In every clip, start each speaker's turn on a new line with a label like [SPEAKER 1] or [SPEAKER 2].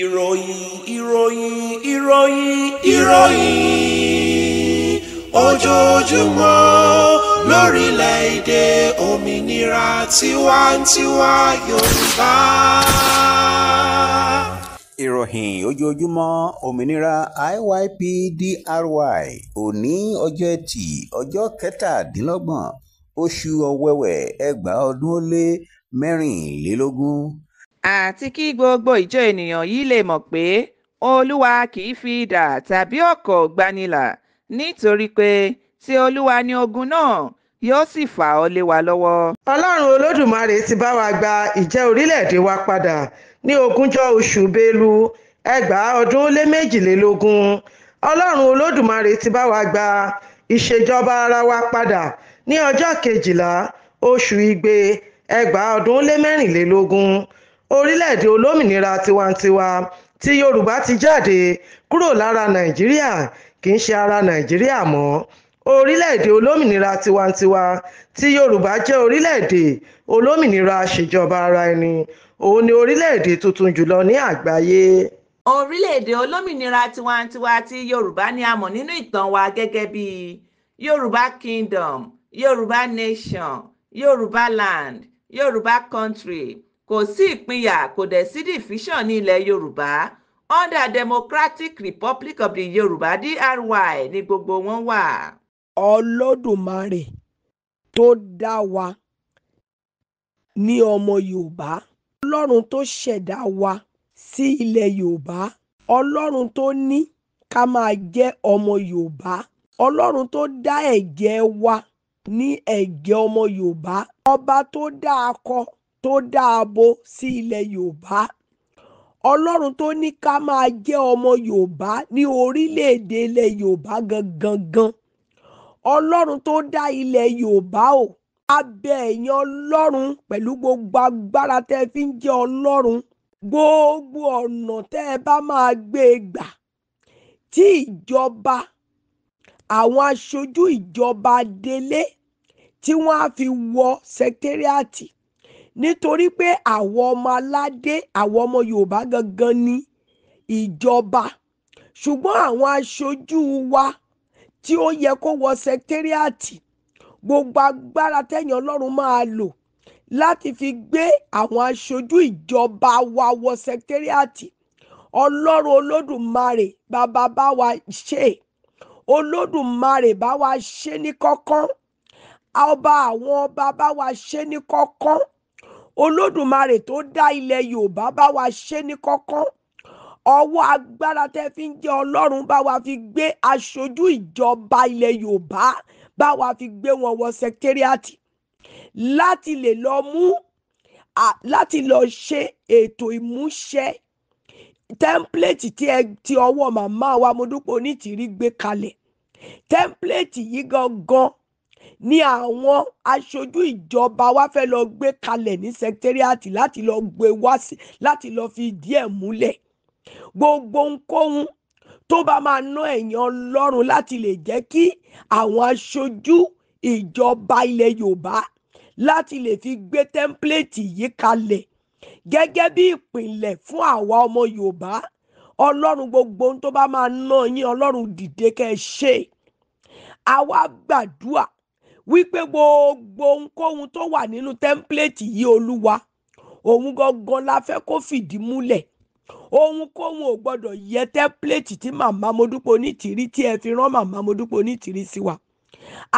[SPEAKER 1] ìròyìn ìròyìn ìròyìn ìròyìn ojoojúmọ́ lórílẹ̀‐èdè òmìnira tiwantiwa yorùbá.
[SPEAKER 2] ìròyìn ojoojúmọ́ òmìnira IYPDRY òní ọjọ́ ẹtì ọjọ́ kẹtàdínlọ́gbọ̀n oṣù ọ̀wẹ̀wẹ̀ ẹgbàá ọdún ó lé mẹ́rìnlélógún
[SPEAKER 1] àti kí gbogbo ìjọ ènìyàn yìí lè mọ̀ pé olúwa kì í fi idà tàbí ọ̀kọ̀ gbanilà nítorí pé ti olúwa ni ogun náà yóò sì fà ọ́ lé wa lọ́wọ́. ọlọ́run olódùmarè ti bá wa gba
[SPEAKER 3] ìjẹ́ orílẹ̀-èdè wa padà
[SPEAKER 1] ní ogúnjọ́
[SPEAKER 3] oṣù belu ẹgbàá ọdún lé méjìlélógún ọlọ́run olódùmarè ti bá wa gba ìṣèjọba ara wa padà ní ọjọ́ kejìlá oṣù igbe ẹgbàá ọdún lé mẹ́rìnlélógún orílẹ̀-èdè olómìnira tiwantiwa tí yorùbá ti jáde kúrò lára nàìjíríà kì í ṣe ara nàìjíríà mọ́ orílẹ̀-èdè olómìnira tiwantiwa tí yorùbá jẹ́ orílẹ̀-èdè olómìnira ṣèjọba ara ẹni òun ni orílẹ̀-èdè tuntun jùlọ ní àgbáyé
[SPEAKER 1] orílẹ̀-èdè olómìnira tiwantiwa ti yorùbá ni a mọ̀ nínú ìtàn wa gẹ́gẹ́ bí yorùbá kingdom yorùbá nation yorùbá land yorùbá country kò sí ìpínyà kò dẹ̀ sí division ní ilẹ̀ yorùbá under democratic republic of the yorùbá dry ni gbogbo wọn wà.
[SPEAKER 4] olódùmarè tó dá wa ní ọmọ yorùbá ọlọ́run tó ṣẹ̀dá wa sí ilẹ̀ yorùbá ọlọ́run tó ní ká máa jẹ́ ọmọ yorùbá ọlọ́run tó dá ẹ̀jẹ̀ wa ní ẹ̀jẹ̀ ọmọ yorùbá ọba tó dá akọ tó dáàbò sí ilẹ̀ yorùbá ọlọ́run tó ní ká máa jẹ́ ọmọ yorùbá ní orílẹ̀-èdè ilẹ̀ yorùbá gangan gan ọlọ́run tó dá ilẹ̀ yorùbá o abẹ ẹ̀yàn ọlọ́run pẹ̀lú gbogbo agbára tẹ́ fi ń jẹ́ ọlọ́run gbogbo ọ̀nà tẹ́ ẹ bá máa gbé e gbà tí ìjọba àwọn aṣojú ìjọba délé tí wọ́n á fi wọ sẹkẹ́rìàtì nítorí pé àwọn ọmọ aládé àwọn ọmọ Yorùbá gangan ni ìjọba ṣùgbọ́n àwọn aṣojú wa tí ó yẹ kó wọ sẹkítẹ́rìàtì gbogbo agbára tẹ̀yìn Ọlọ́run máa lò láti fi gbé àwọn aṣojú ìjọba wa wọ sẹkítẹ́rìàtì Ọlọ́run Olódùmarè bàbá bá wa ṣe Olódùmarè bá wa ṣe ní kọ́kọ́ ọba àwọn ọba bá wa ṣe ní kọ́kọ́ olódùmarè tó dá ilẹ̀ yorùbá bá wa ṣe ní kọ́kán ọwọ́ agbára tẹ́ fi ń jẹ́ ọlọ́run bá wa fi gbé aṣojú ìjọba ilẹ̀ yorùbá bá wa fi gbé wọn wọ sẹkẹ́ríàtì láti lè lọ mú láti lọ ṣe ètò ìmúṣẹ tẹ́ḿpìlẹ̀tì tí ti ọwọ́ màmá wa Modúpẹ́ Onítìrí gbé kalẹ̀ tẹ́ḿpìlẹ̀tì yìí gangan ni àwọn aṣojú ìjọba wa fẹ́ lọ gbé kalẹ̀ ní sẹkítẹ́rìàtì láti lọ gbé wá sí láti lọ fi díẹ̀ múlẹ̀ gbogbo ohunkóhun tó bá máa ná ẹ̀yàn ọlọ́run láti lè jẹ́ kí àwọn aṣojú ìjọba ilẹ̀ yorùbá láti lè fi gbé tẹ́ḿpìlẹ̀tì yìí kalẹ̀ gẹ́gẹ́ bí ìpìlẹ̀ fún àwa ọmọ yorùbá ọlọ́run gbogbo tó bá máa ná yín ọlọ́run dìde kẹ́ ẹ ṣe àwa gbàdúà wípé gbogbo ohunkóhun tó wà nínú tẹ́ḿpìlẹ̀tì yìí olúwa òun gangan la fẹ́ kó fìdí múlẹ̀ ohunkóhun ò gbọ́dọ̀ yẹ tẹ́ḿpìlẹ̀tì tí màmá modúpọ̀ nítìrí tí ẹ fi rán màmá modúpọ̀ nítìrí sí wa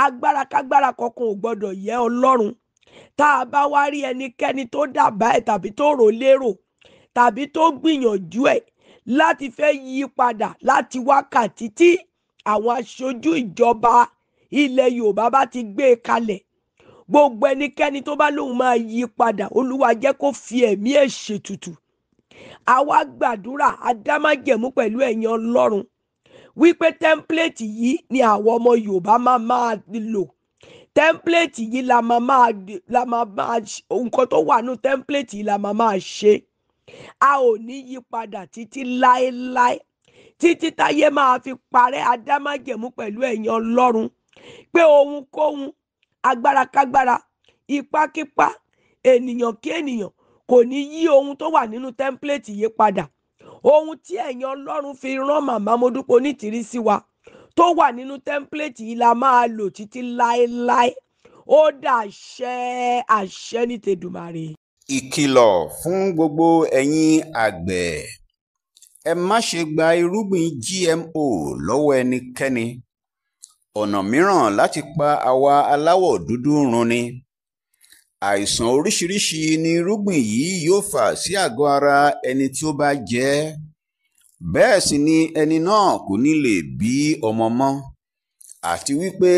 [SPEAKER 4] agbára kágbára kankan ò gbọ́dọ̀ yẹ ọlọ́run tá a bá wá rí ẹnikẹ́ni tó dàbá ẹ̀ tàbí tó rò lérò tàbí tó gbìyànjú ẹ̀ láti fẹ́ yí padà láti wákàtí tí àwọn aṣojú ìjọba ilẹ̀ yorùbá bá ti gbé e kalẹ̀ gbogbo ẹnikẹ́ni tó bá lóun máa yí padà olúwa jẹ́ kó fi ẹ̀mí ẹ̀ ṣètùtù àwa gbàdúrà adámájẹ̀mú pẹ̀lú ẹ̀yin ọlọ́run wípé tẹ́ḿpìlẹ̀tì yìí ni àwọn ọmọ yorùbá máa máa lò tẹ́ḿpìlẹ̀tì yìí la máa máa la máa máa nǹkan tó wà nù tẹ́ḿpìlẹ̀tì yìí la máa máa ṣe a ò ní yí padà títí láéláé títí táyé máa fi parẹ́ adámájẹ̀mú pẹ̀lú ẹ̀yin ọlọ́run pé ohunkóhun agbárakágbára ipákípá ènìyàn kí ènìyàn kò ní yí ohun tó wà nínú tẹ́ḿpìlẹ̀tì yìí padà ohun tí ẹ̀yin ọlọ́run fi rán màmá Modúpẹ́ Onítìrí sí wa tó wà nínú tẹ́ḿpìlẹ̀tì yìí la máa lò títí láéláé ó dàṣẹ àṣẹ ní tèdùmàrè.
[SPEAKER 2] ìkìlọ̀ fún gbogbo ẹ̀yin àgbẹ̀ ẹ má ṣe gba irúgbìn GMO lọ́wọ́ ẹnikẹ́ni ọ̀nà mìíràn láti pa àwa aláwọ̀ dúdú run ni àìsàn oríṣiríṣi ni irúgbìn yìí yóò fà sí àgọ́ ara ẹni tí ó bá jẹ bẹ́ẹ̀ sì ni ẹni náà kò ní lè bí ọmọ mọ́ àti wípé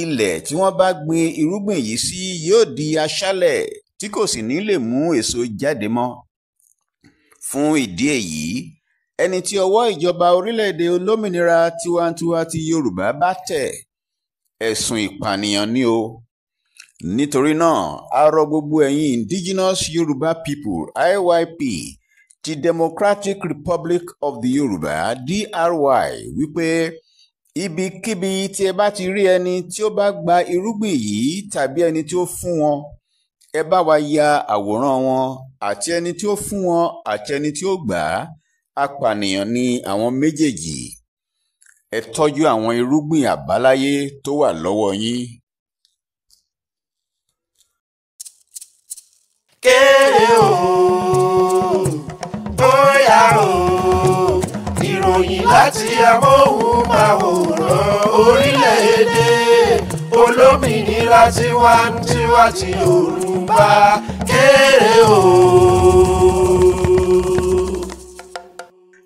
[SPEAKER 2] ilẹ̀ tí wọ́n bá gbin irúgbìn yìí sí yóò di aṣálẹ̀ tí kò sì ní lè mú èso jáde mọ́ fún ìdí èyí ẹni tí ọwọ́ ìjọba orílẹ̀-èdè olómìnira tiwantiwa ti yorùbá bá tẹ̀ ẹ̀sùn ìpànìyàn ni o nítorí náà a rọ gbogbo ẹ̀yin indigenous yorùbá people iyp ti democratic republic of the yorùbá dry wípé ibikíbi tí ẹ bá ti rí ẹni tí ó bá gba irúgbìn yìí tàbí ẹni tí ó fún wọn ẹ bá wa ya àwòrán wọn àti ẹni tí ó fún wọn àti ẹni tí ó gbà á apànìyàn ni àwọn méjèèjì ẹ tọ́jú àwọn irúgbìn àbáláyé tó wà lọ́wọ́ yín.
[SPEAKER 3] kéré o bóyá
[SPEAKER 1] o ìròyìn láti amóhùnmáwòrán orílẹ̀-èdè olómìnira tiwa ti
[SPEAKER 2] Yorùbá kéré o.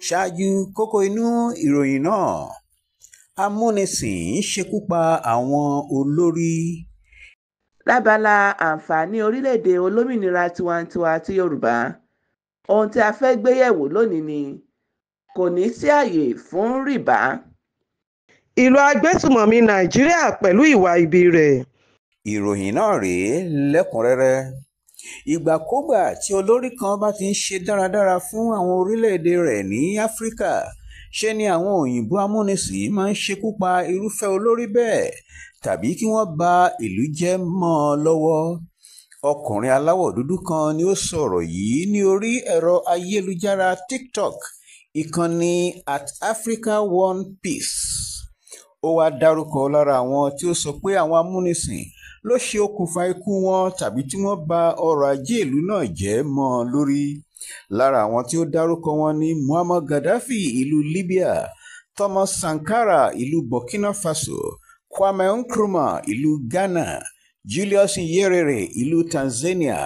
[SPEAKER 2] ṣáájú kókó inú ìròyìn náà amúnisìn ṣekú pa àwọn olórí. lábala àǹfààní
[SPEAKER 1] orílẹ̀-èdè olómìnira tiwantiwa ti yorùbá ohun tí a fẹ́ gbé yẹ̀wò lónìí ni kò ní sí àyè fún rìbá. ìlú
[SPEAKER 2] agbésùmọ̀mí
[SPEAKER 3] nàìjíríà pẹ̀lú ìwà ibi rẹ̀.
[SPEAKER 2] ìròyìn náà rèé lẹ́kùnrẹ́rẹ́ ìgbàkúgbà tí olórí kan bá ti ń ṣe dáradára fún àwọn orílẹ̀-èdè rẹ̀ ní áfíríkà ṣe ni àwọn òyìnbó amúnisìn máa ń ṣekú pa irúfẹ́ olórí bẹ́ẹ̀ tàbí kí wọ́n ba ìlú jẹ́ mọ́ ọ lọ́wọ́ ọkùnrin aláwọ̀ dúdú kan ni ó sọ̀rọ̀ yìí ní orí ẹ̀rọ ayélujára tiktok ìkànnì at africa one peace ó wáá dárúkọ lára àwọn tí ó sọ pé àwọn amúnisìn ló ṣe okùnfà ikú wọn tàbí tí wọ́n ba ọrọ̀ ajé ìlú náà jẹ́ mọ́ ọ lórí lára àwọn tí ó dárúkọ wọn ní muammar gaddafi ìlú libya thomas sankara ìlú burkina faso kwame nkrumah ìlú ghana julius nyerere ìlú tanzania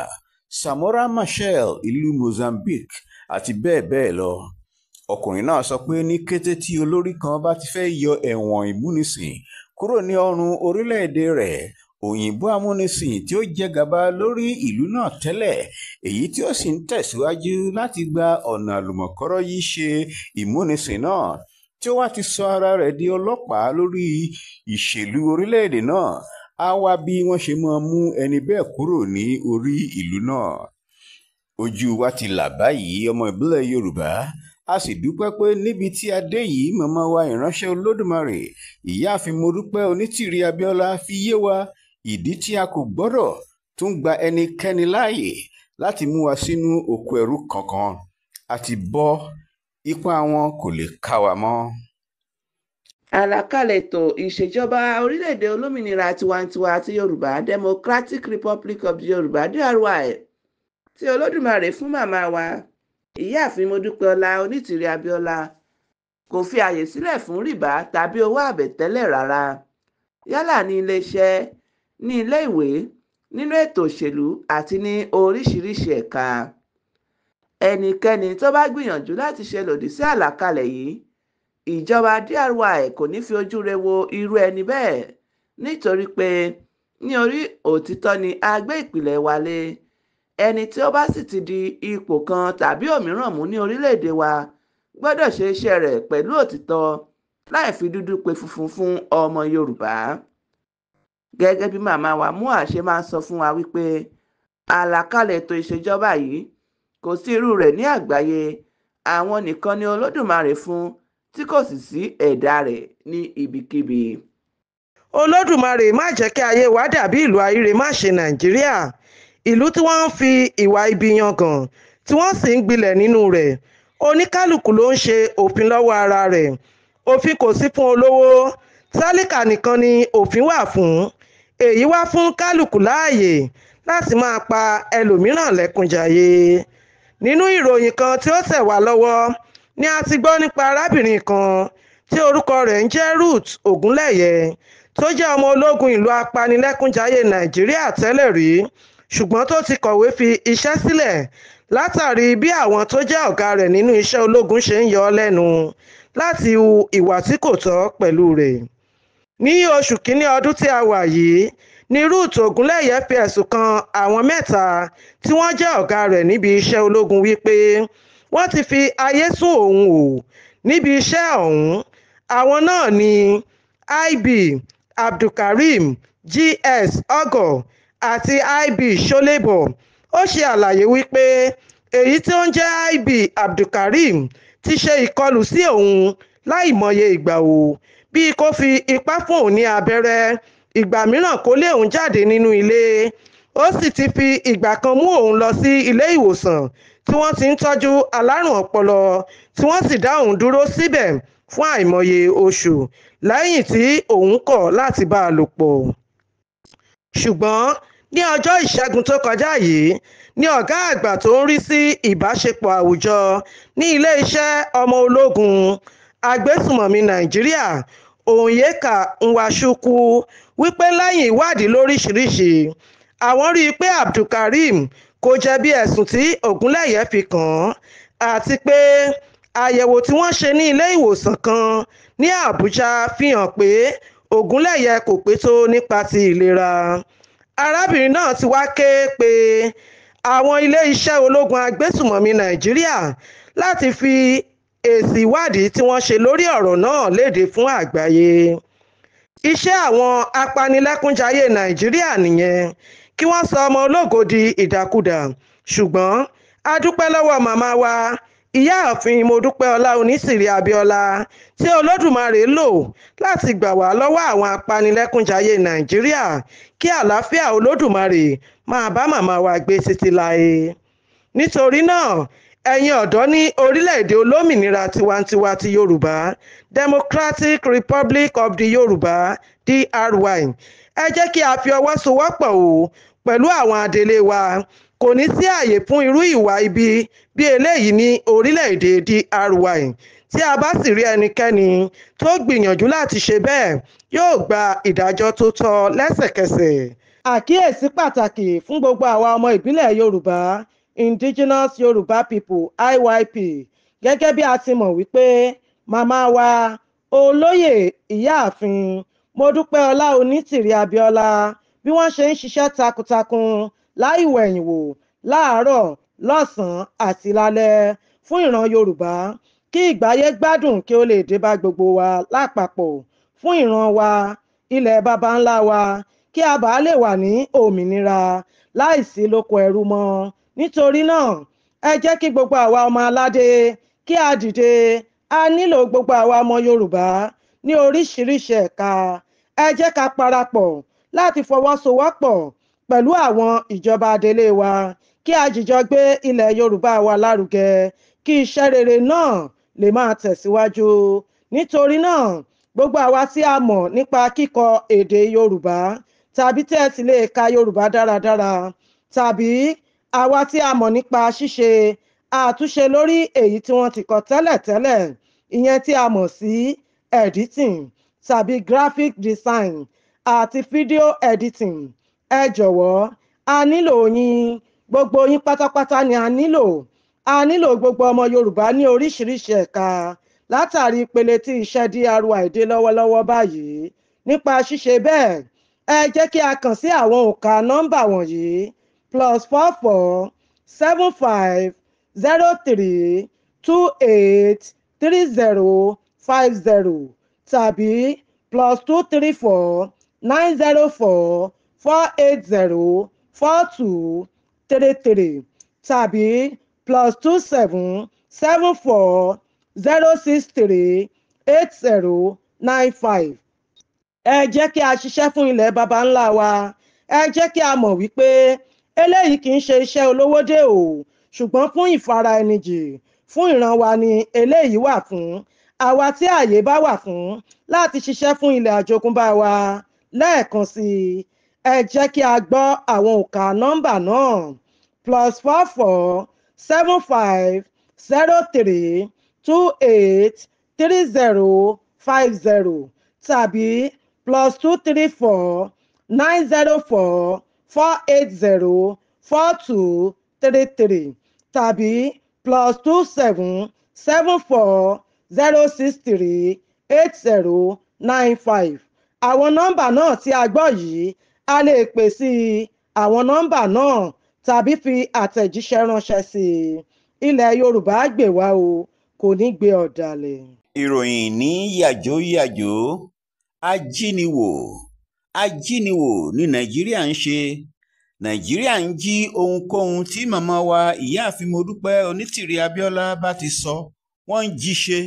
[SPEAKER 2] samora machel ìlú mozambique àti bẹ́ẹ̀ bẹ́ẹ̀ lọ ọkùnrin náà sọ pé ní kété tí olórí kan bá ti fẹ́ yọ ẹ̀wọ̀n ìmúnisìn kúrò ní ọrùn orílẹ̀-èdè rẹ̀ òyìnbó amúnisìn tí ó jẹ gàba lórí ìlú náà tẹ́lẹ̀ èyí tí ó sì ń tẹ̀síwájú láti gba ọ̀nà àlùmọ̀kọ́rọ́ yìí ṣe ìmúnisìn náà tí ó wá ti sọ ara rẹ̀ di ọlọ́pàá lórí ìṣèlú orílẹ̀-èdè náà á wá bí wọ́n ṣe máa mú ẹni bẹ́ẹ̀ kúrò ní orí ìlú náà ojú wa ti là báyìí ọmọ ìbílẹ̀ yorùbá a sì dúpẹ́ pé níbi tí a dé yìí màmá wa ìránṣẹ́ olódùmarè ìyáàfin morúpẹ́ onítìrí abíọ́lá fi yé wa ìdí tí a kò gbọ́dọ̀ tún gba ẹnikẹ́ni láàyè láti mú wa sínú òkú ẹrú kankan a ti bọ́ ipá wọn kò lè ká wa mọ́.
[SPEAKER 1] àlàkalẹ̀ ètò ìṣèjọba orílẹ̀-èdè olómìnira tiwantiwa ti yorùbá democratic republic of yorùbá dry tí olódùmarè fún màmá wa ìyáàfin modúpẹ́ọlá onítìrí abíọ́lá kò fi àyè sílẹ̀ fún rìbá tàbí owó àbẹ̀tẹ́lẹ̀ rárá yálà ní iléeṣẹ́ ní ilé-ìwé nínú ètò òṣèlú àti ní oríṣiríṣi ẹ̀ka ẹnikẹ́ni tó bá gbìyànjú láti ṣe lòdì sí àlàkalẹ̀ yìí ìjọba DRY kò ní fi ojú re wo irú ẹni bẹ́ẹ̀ nítorí pé ní orí òtítọ́ ni a gbé ìpìlẹ̀ wa lé ẹni tí ó bá sì ti di ipò kan tàbí òmíràn mú ní orílẹ̀-èdè wa gbọ́dọ̀ ṣe iṣẹ́ rẹ̀ pẹ̀lú òtítọ́ láì fi dúdú pe funfun fún ọmọ Yorùbá gẹ́gẹ́ bí màmá wa mua ṣe máa ń sọ fún wa wípé àlàkalẹ̀ ètò ìṣèjọba yìí kò sí irú rẹ̀ ní àgbáyé àwọn nìkan ni olódùmarè fún tí kò sì sí ẹ̀dá rẹ̀ ní ibikíbi.
[SPEAKER 3] olódùmarè má jẹ́ kí ayé wa dàbí ìlú ayére má ṣe nàìjíríà ìlú tí wọ́n ń fi ìwà ibi yangàn tí wọ́n sì ń gbilẹ̀ nínú rẹ̀ oníkálukú ló ń ṣe òfin lọ́wọ́ ara rẹ̀ òfin kò sí fún olówó tálíkà nìkan ni òfin wà fún èyí wá fún kálukú láàyè láti máa pa ẹlòmíràn lẹ́kùnjàyè nínú ìròyìn kan tí ó tẹ̀ wá lọ́wọ́ ni a ti gbọ́ nípa arábìnrin kan tí orúkọ rẹ̀ ń jẹ́ Ruth Ogunleye tó jẹ́ ọmọ ológun ìlú apanilẹ́kùnjayé Nàìjíríà tẹ́lẹ̀ rí ṣùgbọ́n tó ti kọ̀wé fi iṣẹ́ sílẹ̀ látàrí bí àwọn tó jẹ́ ọ̀gá rẹ̀ nínú iṣẹ́ ológun ṣe ń yọ ọ́ lẹ́nu láti hu ìwà tí kò tọ́ pẹ̀lú rẹ̀ ní oṣù kínní ọdún tí a wà yìí ni ruth ogunléyé fi ẹ̀sùn kan àwọn mẹ́ta tí wọ́n jẹ́ ọ̀gá rẹ̀ níbi iṣẹ́ ológun wípé wọ́n ti fi ayé sún òun o níbi iṣẹ́ ọ̀hún àwọn náà ni ib abdulkareem gs ogo àti ib sholebo ó ṣe àlàyé wípé èyí tí ó ń jẹ́ ib abdulkareem ti ṣe ìkọlù sí òun láìmọye ìgbà o bíi kó fi ipá fóun ní abẹ́rẹ́ ìgbà mìíràn kó lé òun jáde nínú ilé ó sì ti fi ìgbà kan mú òun lọ sí ilé ìwòsàn tí wọ́n ti ń tọ́jú alárùn ọpọlọ tí wọ́n sì dá òun dúró síbẹ̀ fún àìmọye oṣù lẹ́yìn tí òun kọ̀ láti bá a lò pọ̀ ṣùgbọ́n ní ọjọ́ ìṣẹ́gun tó kọjá yìí ni ọ̀gá àgbà tó ń rí sí ìbáṣepọ̀ àwùjọ ní iléeṣẹ́ ọmọ ológun agbésùmọ̀mí nàìjíríà onyeka nwachukwu wípé lẹ́yìn ìwádìí lóríṣìíríṣìí àwọn rí i pé abdulkareem kò jẹ̀bi ẹ̀sùn tí ogunléyé fi kàn án àti pé àyẹ̀wò tí wọ́n ṣe ní ilé ìwòsàn kan ní àbújá fi hàn pé ogunléyé kò pé tó nípa ti ìlera arábìnrin náà ti wá ké pe àwọn ilé iṣẹ́ ológun agbésùmọ̀mí nàìjíríà láti fi èsì ìwádìí tí wọ́n ṣe lórí ọ̀rọ̀ náà léde fún àgbáyé iṣẹ́ àwọn apanilẹ́kúnjayé nàìjíríà nìyẹn kí wọ́n sọ ọmọ ológo di ìdàkudà ṣùgbọ́n a dúpẹ́ lọ́wọ́ màmá wa ìyáàfin modúpẹ́ọlá onísìrí abíọ́lá tí olódùmarè lò láti gbà wá lọ́wọ́ àwọn apanilẹ́kúnjayé nàìjíríà kí àlàáfíà olódùmarè máa bá màmá wa gbé títí láé nítorí náà ẹ̀yin ọ̀dọ́ ní orílẹ̀-èdè olómìnira tiwantiwa ti yorùbá democratic republic of the yorùbá dry ẹ jẹ́ kí a fi ọwọ́ sowọ́pọ̀ o pẹ̀lú àwọn adelé wa kò ní sí àyè fún irú ìwà ibi bí eléyìí ní orílẹ̀-èdè dry tí a bá sì rí ẹnikẹ́ni tó gbìyànjú láti ṣe bẹ́ẹ̀ yóò gba ìdájọ́ tó tọ́ lẹ́sẹ̀kẹsẹ̀. àkíyèsí pàtàkì fún gbogbo àwa ọmọ ìbílẹ̀ yorùbá indigenous Yoruba people iyp gẹ́gẹ́ bí a ti mọ̀ wípé màmá wa olóyè ìyáàfin modúpẹ́ọlá onítìrí abíọ́lá bí wọ́n ṣe ń ṣiṣẹ́ takuntakun láìwẹ̀yìn wò láàárọ̀ lọ́sàn-án àti lálẹ́ fún ìran yorùbá kí ìgbáyé gbádùn kí ó lè dé bá gbogbo wa lápapọ̀ fún ìran wa ilẹ̀ baba ńlá wa kí a bàa lè wà ní òmìnira láìsí lóko ẹrú mọ́ nítorí náà ẹ jẹ́ kí gbogbo àwa ọmọ aládé kí a dìde a nílò gbogbo àwa ọmọ Yorùbá ní oríṣiríṣi ẹ̀ka ẹ jẹ́ ká parapọ̀ láti fọwọ́sowọ́pọ̀ pẹ̀lú àwọn ìjọba adelé wa kí a jìjọ gbé ilẹ̀ Yorùbá wa lárugẹ kí iṣẹ́ rere náà lè máa tẹ̀síwájú nítorí náà gbogbo àwa tí a mọ̀ nípa kíkọ èdè Yorùbá tàbí tẹ́ ẹ Yorùbá dáradára tàbí àwa tí a mọ̀ nípa ṣíṣe àtúnṣe lórí èyí tí wọ́n ti kọ tẹ́lẹ̀tẹ́lẹ̀ ìyẹn tí a mọ̀ sí editing tàbí graphic design àti video editing ẹ jọ̀wọ́ a nílò yín gbogbo yín pátápátá ni a nílò a nílò gbogbo ọmọ Yorùbá ní oríṣiríṣi ẹ̀ka látàrí ìpele tí iṣẹ́ DRY dé lọ́wọ́lọ́wọ́ báyìí nípa ṣíṣe bẹ́ẹ̀ ẹ jẹ́ kí a kàn sí àwọn òǹkà nọ́mbà wọ̀nyí plus four four seven five zero three two eight three zero five zero tàbí plus two three four nine zero four four eight zero four two three three tàbí plus two seven seven four zero six three eight zero nine five. ẹ jẹ́ kí a ṣiṣẹ́ fún ilẹ̀ baba ńlá wa ẹ jẹ́ kí a mọ̀ wípé eléyìí kì í ṣe iṣẹ́ olówó dé o ṣùgbọ́n fún ìfara ẹni jì fún ìran wa ni eléyìí wà fún àwa tí ààyè bá wà fún láti ṣiṣẹ́ fún ilẹ̀ àjogúnbá wa lẹ́ẹ̀kan sí i ẹ jẹ́ kí a gbọ́ àwọn òǹkà nọ́mbà náà plus four four seven five zero three two eight three zero five zero tàbí plus two three four nine zero four four eight zero four two three three tàbí plus two seven seven four zero six three eight zero nine five àwọn nọ́mbà náà tí a gbọ́ yìí a lè pè sí àwọn nọ́mbà náà tàbí fi àtẹ̀jíṣẹ́ ránṣẹ́ sí i ilẹ̀ Yorùbá gbè wá o kò ní gbé ọ̀dàlẹ̀.
[SPEAKER 2] ìròyìn ní yàjóyàjó ajíniwò ajíniwò ní nàìjíríà ń ṣe nàìjíríà ń jí ohunkóhun tí màmá wa ìyáàfin modúpẹ́ onítìrí abíọ́lá bá ti sọ wọ́n ń jí ṣe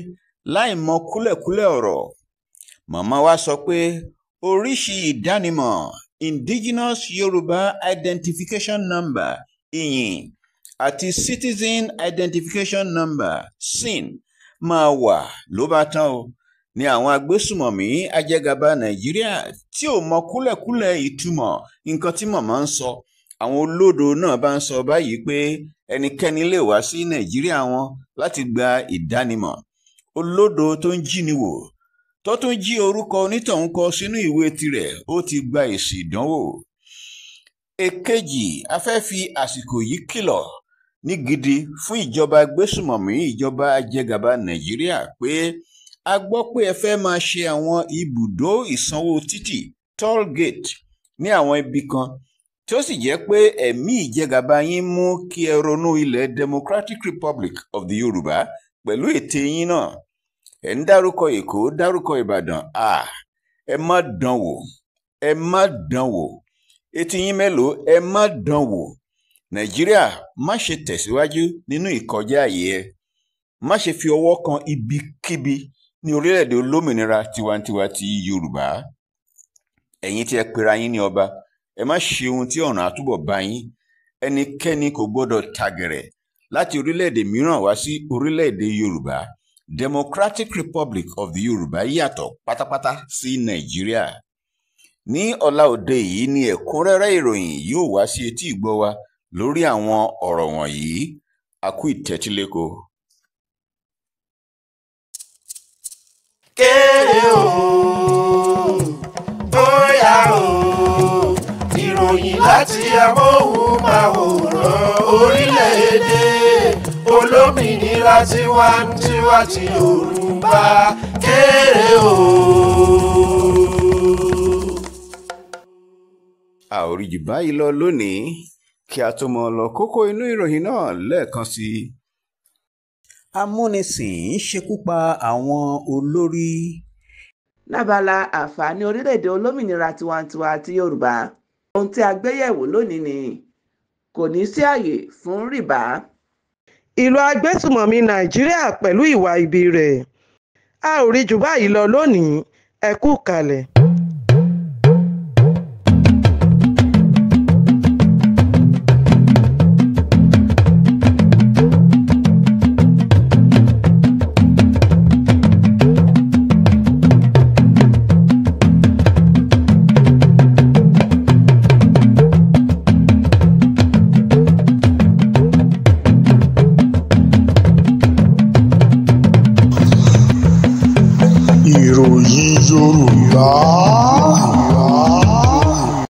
[SPEAKER 2] láì mọ kúlẹ̀kúlẹ̀ ọ̀rọ̀ màmá wa sọ pé oríṣi ìdánimọ̀ indigenous yorùbá identification number ìyìn àti citizen identification number sin máa wà ló bá tán o ni àwọn agbésùmọ̀mí ajẹgàba nàìjíríà tí ò mọ kúlẹ̀kúlẹ̀ ìtumọ̀ nǹkan tí mọ̀mọ́ ń sọ àwọn olódo náà bá ń sọ báyìí pé ẹnikẹ́ni lè wá sí nàìjíríà wọn láti gba ìdánimọ̀ olódo tó ń jí ni wò tó tún jí orúkọ onítọ̀hún kọ sínú ìwé tirẹ̀ ó ti gba èsì ìdánwò èkejì a fẹ́ fi àsìkò yìí kìlọ̀ ní gidi fún ìjọba agbésùmọ̀mí ìjọba ajẹgàba nàìjíríà pé a gbọ́ pé ẹ fẹ́ máa ṣe àwọn ibùdó ìsanwó títì toll gate ní àwọn ibì kan tí ó sì jẹ́ pé ẹ̀mí ìjẹgàba yín mú kí ẹ ronú ilẹ̀ Democratic Republic of the Yorùbá pẹ̀lú ète yín náà ẹ̀ ń dárúkọ Èkó dárúkọ Ìbàdàn ah ẹ má dán wò ẹ má dán wò etí yín mélòó ẹ má dán wò Nàìjíríà má ṣe tẹ̀síwájú nínú ìkọjá àyè ẹ má ṣe fi ọwọ́ kan ibikíbi ní orílẹ̀-èdè olómìnira tiwantiwa ti yorùbá ẹ̀yin tí ẹ pera yín ní ọba ẹ má ṣe ohun tí ọ̀ràn àtúbọ̀ bá yín ẹnikẹ́ni kò gbọ́dọ̀ tàgẹ̀rẹ̀ láti orílẹ̀-èdè mìíràn wá sí orílẹ̀-èdè yorùbá democratic republic of the yorùbá yàtọ̀ pátápátá sí nàìjíríà ní ọ̀la òde yìí ni ẹ̀kúnrẹ́rẹ́ ìròyìn yóò wá sí etí ìgbọ́ wa lórí àwọn ọ̀rọ̀ wọ̀nyí a kú ìtẹ́tíléko
[SPEAKER 4] kéré òun
[SPEAKER 1] bóyá òun ìròyìn láti amóhùnmáwòrán orílẹ̀-èdè olómìnira tiwantiwa
[SPEAKER 3] ti Yorùbá kéré òun.
[SPEAKER 2] àòrìjì báyìí lọ lónìí kí a tó mọ̀ lọ kókó inú ìròyìn náà lẹ́ẹ̀kan sí i amúnisìn ṣekú pa àwọn olórí. lábala àǹfààní orílẹ̀-èdè
[SPEAKER 1] olómìnira tiwantiwa ti yorùbá ohun tí a gbé yẹ̀wò lónìí ni kò ní sí àyè fún rìbá.
[SPEAKER 3] ìlú agbésùmọ̀mí nàìjíríà pẹ̀lú ìwà ibi rẹ̀ a ò rí jù báyìí lọ lónìí ẹ kú kalẹ̀.